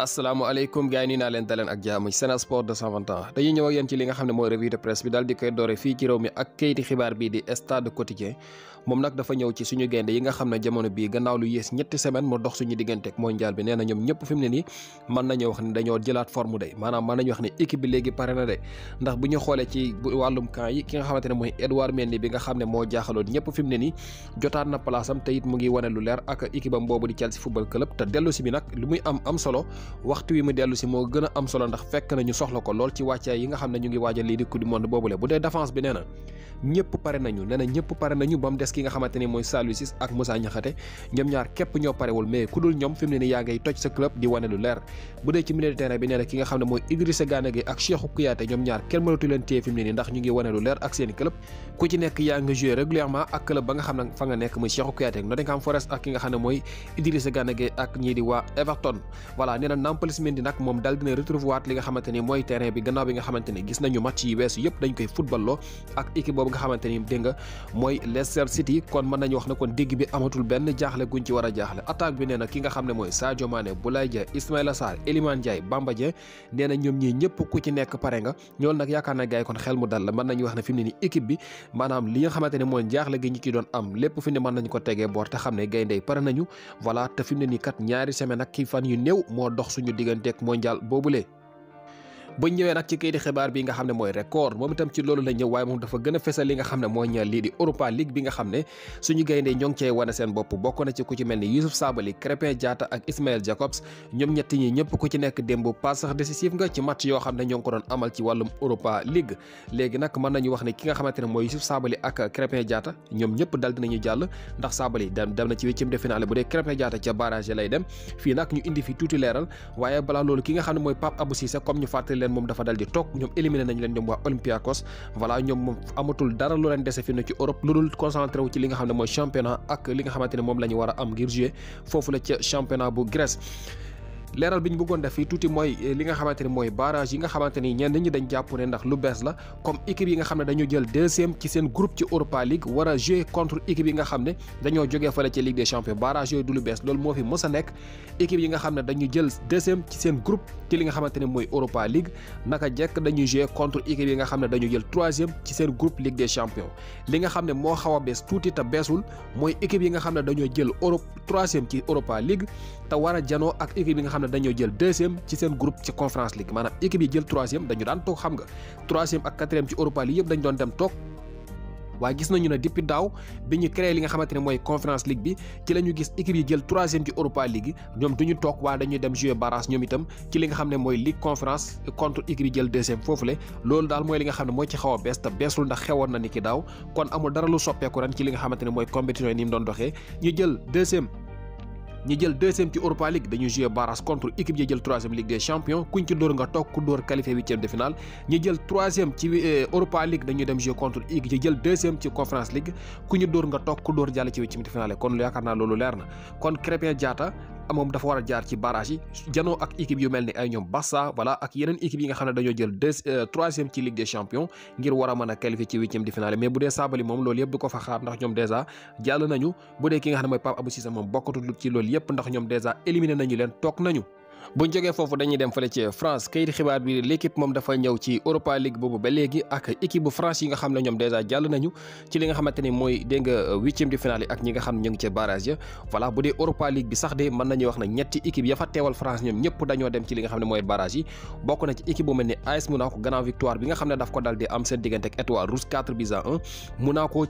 assalamu alaykum gay ni na len dalen ak jamu Sen Sport 220 dañu ñëw ak yeen ci li nga xamne moy revue de presse bi dal di koy doré fi ci rewmi ak kayti xibaar bi di stade quotidien mom nak dafa ñëw ci suñu gaynde yi nga xamne jamono bi gannaaw lu yées ñetti semaine mo dox suñu digënté ak mondial bi nee ñom ñëpp fi mu ne nii mën nañu wax ni dañoo jëlat forme day manam man nañu wax ni équipe bi légui paré na dé ndax bu xolé ci walum kan yi ki nga xamante moy Edouard Mendy bi nga xamne mo moo ñëpp fi mu ne nii jotaat na place am te it mu ngi wone lu lèr ak équipe am bobu di Chelsea football club te delu ci bi nak lu muy am am solo waxtu wi mu dellu si moo gën a am solo ndax fekk na ñu soxla ko lool ci wàccaay yi nga xam ne ñu ngi waaja lii di coupe du monde boobule bu dee défense bi nee na ñëpp pare nañu nee na ñëpp pare nañu ba mu des ki nga xamante ni mooy Saliou Ciss ak Moussa Niakhaté ñoom ñaar képp ñoo parewul mais ku dul ñoom fi mu ne ni yaa ngay toj sa club di wane lu leer bu dee ci milieu de bi nee ki nga xam ne mooy Idrissa Gana Gueye ak ak seen club ku ci nekk yaa nga joué régulièrement ak club ba nga xam ne fa nga nekk muy Cheikhou Kouyaté ak ak ki nga xam ne mooy li nga xamante mooy terrain bi gannaaw bi nga xamante nga xamante ni dégg nga mooy Leicester City kon mën nañu wax ne kon digg bi amatul benn jaaxle guñ ci war a jaaxle attaque bi nee na ki nga xam ne mooy Sadio Mané Boulaye Dia Ismaïla Sarr Iliman Ndiaye Bamba Dieng nee na ñoom ñii ñëpp ku ci nekk pare nga ñoolu nag yaakaar na gars kon xel mu dal la mën nañu wax ne fi ne ni équipe bi maanaam li nga xamante ne mooy jaaxle gi ñu ci doon am lépp fi ne mën nañu ko tegee boor te xam ne gaynde yi pare nañu voilà te fi mu ne nii kat ñaari semaine ak ki fan yu néew moo dox suñu digganteeg mondial boobulee bañ ñëwee nag ci kayiti xibaar bi nga xam ne mooy record moom itam ci loolu la ñëw waaye moom dafa gën a fesal li nga xam ne mooy ñaar lii di Europa League bi nga xam ne suñu gaynde ñoo ngi wane seen bopp bokk ci ku ci mel ni Youssouf Sabaly Krépin Diatta ak Ismail Jacobs ñoom ñett ñi ñëpp ku ci nekk démb passe sax nga ci match yoo xam ne ñoo ko doon amal ci wàllum Europa League léegi nag mën nañu wax ne ki nga xamante ne mooy ne mooy Pape leen moom dafa dal di toog ñoom éliminé nañ leen ñoom waa Olympiakos voilà ñoom moom amatul dara lu leen dese fi ci Europe lu dul concentré wu ci li nga xam ne mooy championnat ak li nga xamante ne moom la ñu war am ngir jouer foofu la ca championnat bu Grèce leeral bi ñu bëggoon def fii tuuti mooy eh, li nga xamante ni mooy barrage yi nga xamante ni ñenn ñi dañ jàpp ne ndax lu bees la comme équipe yi nga xam ne dañu jël deuxième ci seen groupe ci Europa League war a contre équipe yi nga xam ne dañoo jógee fële ci Ligue des Champions barrage yooyu du lu bees loolu moo fi mës a nekk équipe yi nga xam ne dañu jël deuxième ci seen groupe ci nga xamante ni mooy Europa League naka jekk dañuy jouer contre yi nga xam ne dañu jël troisième ci seen groupe Ligue des li nga xam ne moo xaw a tuuti te beesul mooy équipe yi nga xam ne dañoo jël Europe troisième ci Europa League te war janoo ak équipe yi nga xam na ne dañoo jël deuxième ci seen group ci conférence league maanaam équipe yi jël troisième dañu daan toog xam nga troisième ak quatrième ci Europa League yëpp dañu dem toog. waaye gis nañu ne depuis daaw bi ñu créé li nga xamante ne mooy conférence ligue bi ci la ñu gis équipe yi jël troisième ci Europa League ñoom du toog waaye dañuy dem jouer barrage ñoom itam ci li nga xam ne mooy ligue conférence contre équipe yi jël deuxième foofule loolu daal mooy li nga xam ne mooy ci xaw a bees te beesul ndax na ni ki daaw kon amul dara lu soppeeku ci li nga xamante ne mooy compétition yi doon doxee ñu jël ñi jël deuxième ci Europa League dañu joué barrage contre équipe yi jël troisième Ligue des champions kuñ ci dóor nga toog ku dóor qualifié huitième de finale ñi jël troisième ci euh, Europa League dañuy dem joué contre équipe yi jël deuxième ci Conference League ku ñu dóor nga toog ku dóor jàll ci huitième de finale kon yaakaar naa loolu leer na kon Krépin Diatta moom dafa war a jaar ci barrage yi janoo ak équipe yu mel ni ay ñoom Barça voilà ak yeneen équipe yi nga xam ne dañoo jël deux euh, troisième ci Ligue des Champions ngir war a mën a qualifier ci huitième de finale mais bu dee Sabaly moom loolu yëpp du ko fa xaar ndax ñoom dèjà jàll nañu bu dee ki nga xam ne mooy Pape Abou Cissé moom bokkatul ci loolu yëpp ndax ñoom dèjà éliminé nañu leen toog nañu buñ jógee foofu dañuy dem fële ci France kayit xibaar bi l'équipe moom dafa ñëw ci Europa League boobu ba léegi ak équipe bu France yi nga xam ne ñoom dèjà jàll nañu ci li nga xam ne ñu mooy barrage yi bokk na ci équipe bu mel ni AS Monaco gannaaw victoire bi nga xam ne daf ko dal di am seen diggante ak Étoile Rouge 4 buts à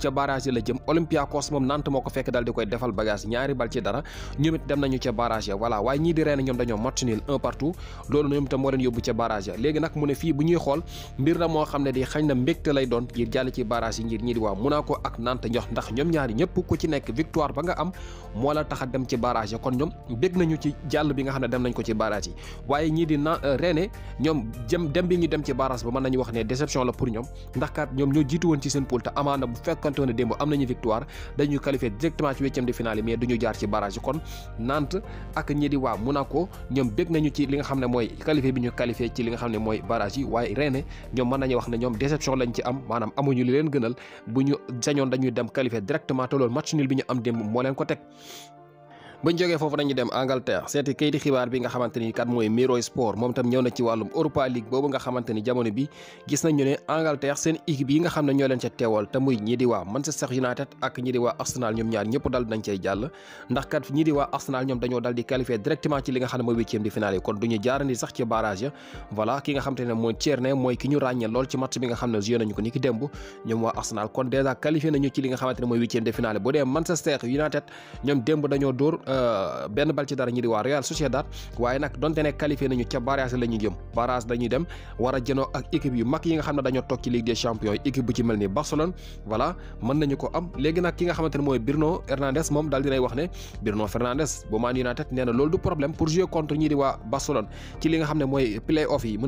ca barrage yi la jëm Olympiakos moom Nantes moo ko fekk dal di koy defal bagage ñaari bal ci dara ñoom dem match nul un partout loolu ñoom itam moo leen yóbbu ca barrage ya léegi nag mu ne fii bu ñuy xool mbir moo xam ne di xañ na mbégte lay doon ngir jàll ci barrage yi ngir ñii di waa Monaco a dem ci barrage ya kon ñoom bég ko na euh, Rennes ñoom la pour ñoom ndax kat ñoom ñoo jiitu woon ci seen poule te ñoom bég nañu ci li nga xam ne mooy qualifié bi ñu qualifié ci li nga xam ne mooy barrage yi waaye Rennes ñoom mën nañu wax ne ñoom déception lañ ci am maanaam amuñu li leen gënal bu ñu sañoon dañuy dem qualifié directement te loolu match bi ñu am démb moo leen ko teg bañ jógee foofu dañu dem Angleterre seeti kayiti xibaar bi nga xamante ni mooy Mirror Sport moom tam ñëw na ci wàllum Europa League boobu nga xamante ni jamono bi gis nañu ne Angleterre seen équipe yi nga xam ne ñoo ñoom ñaar ñëpp dal di qualifier directement ci li nga xam mooy huitième de finale finale bu dee Manchester United ñoom démb dañoo dóor Euh, benn bal dara ñi di waa Real Sociedad waaye nag donte ne qualifié nañu ca barrage la ñu jëm barrage dañuy dem war a ak équipe yu mag yi nga xam ne dañoo toog ci Ligue des Champions équipe bu ci mel ni Barcelone voilà mën nañu ko am léegi nag ki nga xamante ne mooy Bruno Fernandes moom daal dinay wax ne Bruno Fernandes bu Man United nee na du problème pour jouer contre ñi di waa Barcelone ci li nga xam ne mooy play off yi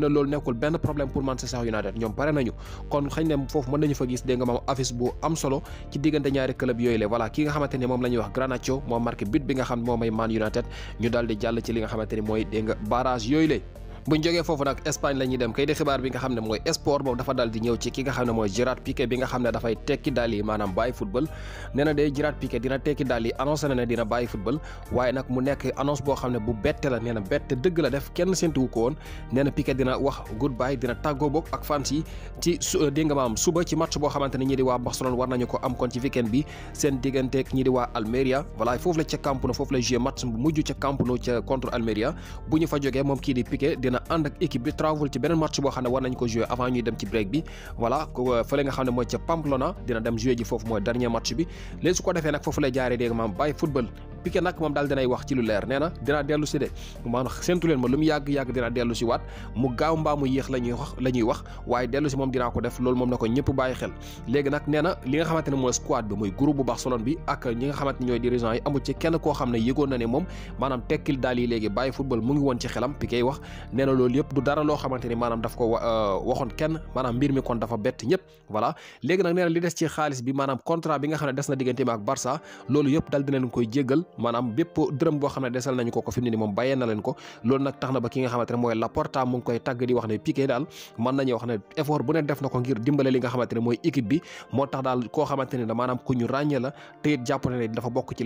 moo may mooy Man United ñu daal di jàll ci li nga xamante ni mooy dégg nga barrage yooyu la buñ jógee foofu nag Espagne la dem kay di xibaar bi nga xam ne mooy sport moom dafa daal di ñëw ci ki nga xam ne mooy Gerard Piqué bi nga xam ne dafay tekki daal yi maanaam bàyyi football de Gerard Piqué dina tekki daal yi annoncé na ne dina bàyyi boo xam ne bu bette la ci euh, dégg nga foofu la ca match bu mujj ca Camp Nou ca contre Almeria bu ñu fa jógee moom kii di Piqué dina ànd ak équipe bi travel ci euh, dina dem wax de maanaam séntu ma lu mu yàgg-yàgg dinaa dellu waat mu gaaw mbaa yéex la ñuy wax la ñuy wax waaye dellu si moom dinaa ko def loolu moom na ko ñëpp bàyyi xel léegi nag nee li nga xamante ne mooy squad bi muy groupe bu Barcelone bi ak ñi nga xamante ne ñooy dirigeants yi amul ci kenn koo xam ne yëgoon na ne moom maanaam tekkil daal yi léegi bàyyi football mu ngi woon ci xelam Piqué wax na loolu yëpp du dara loo xamante ni maanaam daf ko euh, waxoon kenn maanaam mbir mi kon dafa bett ñëpp voilà léegi nag nee li des ci xaalis bi maanaam contrat bi nga xam ne des na digganteem ak Barça loolu yëpp dal dina boo xam ne nañu ko ko fi mu moom bàyyee na leen ko loolu nag tax na ba ki nga xamante ne mooy Laporta mu ngi koy tàgg di wax ne Piqué daal mën nañu wax ne effort bu ne def na ko ngir dimbale li nga xamante ne mooy équipe bi moo tax daal koo xamante ne maanaam ku ràññee la te it jàpp na ne dafa bokk ci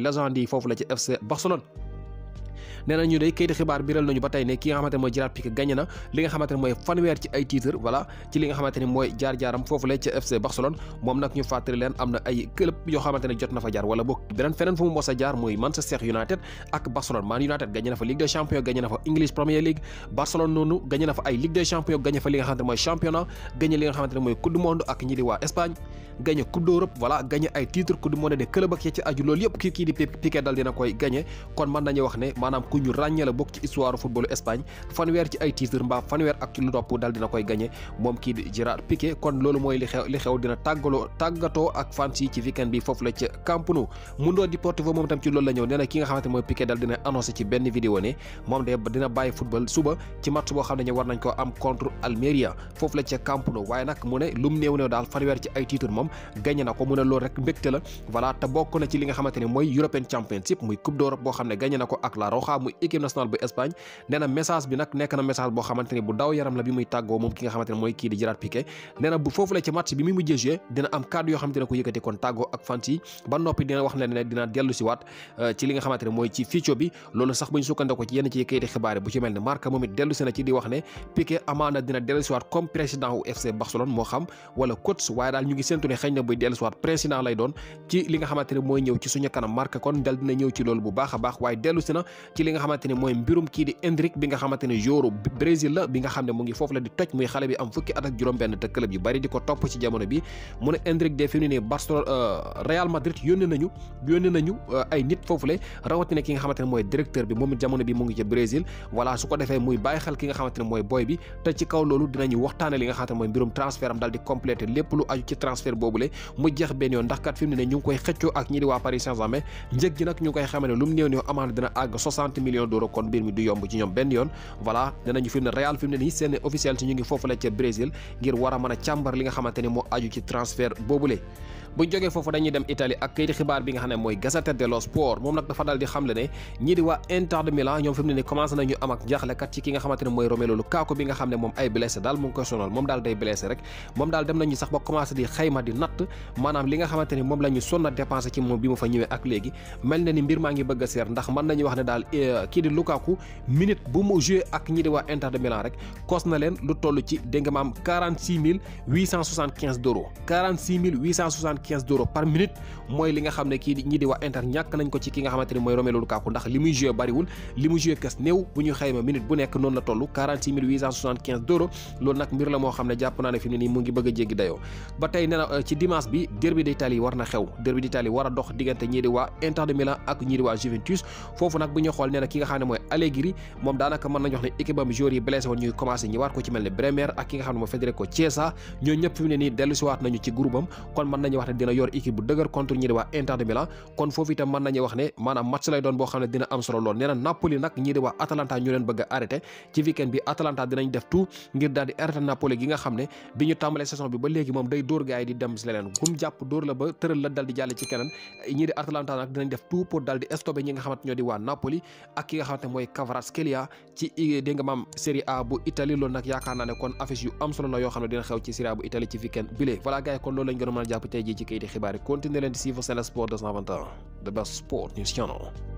nee na ñu day kayiti xibaar biral nañu ba tey ne ki nga xamante ne mooy Gérard Piqué gagné na jaar-jaaram foofu la ca FC Barcelone moom nag ñu fàttali leen am na ay club yoo xamante ne jot na fa jaar wala boog feneen fu mu mos jaar mooy Manchester United ak Barcelone Man United gagné na fa Ligue des Champions gagné na fa English Premier League Barcelone noonu gagné na fa ay Ligue des Champions gagné fa li nga xamante ne mooy championnat gagné li nga xamante ne mooy Coupe maanaam ki nga xamante mooy Piqué dal dina annoncé ci benn vidéo ne moom de dina bàyyi football suba ci match boo xam ne ñu war nañ ko am contre Almeria foofu la ci ay titre moom gagné na ko mu ne loolu rek mbégte la voilà te bokk na ci li nga xamante mooy European Championship muy coupe d'Europe boo xam ne gagné na ko ak la Roja muy équipe nationale bu Espagne nee message bi nag nekk na message boo xamante bu daw yaram la bi muy tàggoo moom ki nga xamante mooy kii di Gerard Piqué nee bu foofu la ci match bi mi mujjee joué dina am kàddu yoo xamante ne ko yëkkati kon tàggoo ak fans yi ba noppi dina wax ne ne dina dellu waat euh, ci li nga xamante bu ñu waat comme président wu FC Barcelone moo xam wala coach waaye daal ñu ngi séntu ne xëy na buy dellu ci li nga xamante ne mooy mbirum kii di Endrick bi nga xamante ne joueur Brésil la bi nga xam ne mu ngi foofu la di toj muy xale bi am fukki at ak juróom-benn te club yu bari di ko topp ci jamono bi mu ne Endrick de fi mu ne Barcelone euh, Real Madrid yónni nañu euh, ay nit foofu le rawatina ki nga xamante mooy directeur bi moom jamono bi mu ngi ca Brésil voilà su ko defee muy bàyyi xel ki nga xamante mooy boy bi te ci kaw loolu dinañu waxtaane li 60 millions d'euros kon mbir mi du yomb ci ñoom benn yoon voilà dinañu fi mu ne Real fi mu ne nii seen officiel ci ñu ngi foofule ca Brésil ngir war a mën a càmbar li nga xamante ni moo aju ci transfert le buñ jógee foofu dañuy dem Italie ak kayiti xibaar bi nga xam ne mooy Gazzetta dello Sport moom nag dafa daal di xamle ne ñii di waa Inter de Milan ñoom fi ne ni commencé nañu am ak njaaxlekat ci ki nga xamante ne mooy Romelu Lukaku bi nga xam ne moom ay blessé daal mu koy sonal moom daal day blessé rek moom daal dem nañu sax ba commencé di xayma di natt maanaam li nga xamante moom la sonna dépensé ci moom bi mu fa ñëwee ak léegi mel na ni mbir euh, bu mu joué ak ñii di waa Inter de Milan rek kos na leen lu toll ci dégg nga maam 46 75 d'euros par minute mooy li nga xam ne kii ñi di waa inter ñàkk nañ ko ci ki nga xamante ni mooy Romelu Lukaku ndax li muy joué bariwul li mu joué kes néew bu ñu xayma minute bu nekk noonu la toll 46 875 d'euros loolu nag mbir la moo xam ne jàpp ne fi mu mu ngi bëgg jéggi dayoo ba tey nee euh, ci dimanche bi derby d'Italie war na xew derby d'Italie war a dox diggante ñii di waa Inter de Milan ak ñii di waa Juventus foofu nak bu ñu xool nee ki nga xam ne Allegri moom daanaka mën nañu wax ne équipe am joueurs yi blessé woon ñuy commencé ñëwaat ko ci mel ni Bremer ak ki nga xam ne Federico Chiesa ñoo ñëpp fi mu ne nii dellusiwaat nañu ci groupe am kon mën nañu wax te dina yor équipe bu dëgër contre ñi di waa Inter de kon foofu itam mën nañu wax ne maanaam match lay doon boo xam ne dina am solo a la A yoo xam ne dina xew ci Serie bu Italie ci weekend bile voilà gaay kon loolu lañ gën a a jàpp tey ji ci kayiti xibaar yi continuer leen di suivre Sen Sport 221 The Best Sport News Channel